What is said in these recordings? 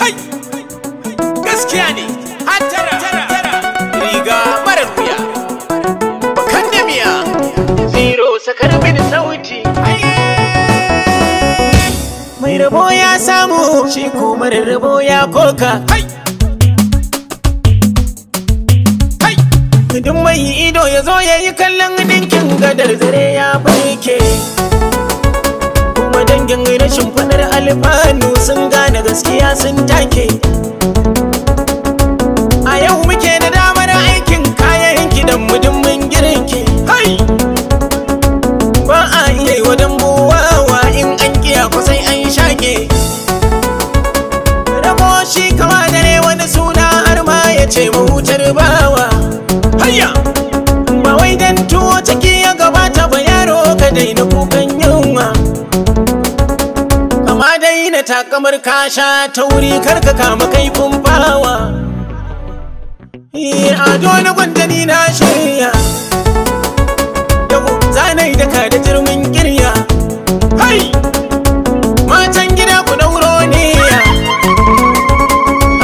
Hai! Gaskiya ne, hatara! Riga marar wuya, bakan miya. Zero sakar mini sauti. Mai rabo ya samu, shi kuma rabo ya koka. Duk mai ido ya zo ya yi kallon ɗinkin gadar zare ya barke. yin rashin kunar alfanu sun gane gaskiya sun take a yau muke da damar aikin kayan gidan mudin mun girinki hai ba a iya yi wadan buwawa in an kiya sai an shake rabo shi kawa dare wani suna har ma ya ce mahutar bawa hayya ba wai dan tuwo ciki ya gabata ba yaro ka daina kukan Kama daina takamar kasha ta wuri karka kama kaifin bawa eh, Ado na gwandani na shirya Yau zanai da ka da jirgin kirya Hai! Matan gida ku dauro ne ya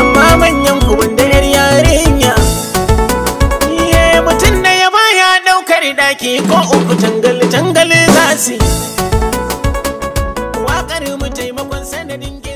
Amma manyan ku wanda yar yarinya eh, Mutum da ya baya daukar daki ko uku tangal-tangal za su taimakon game.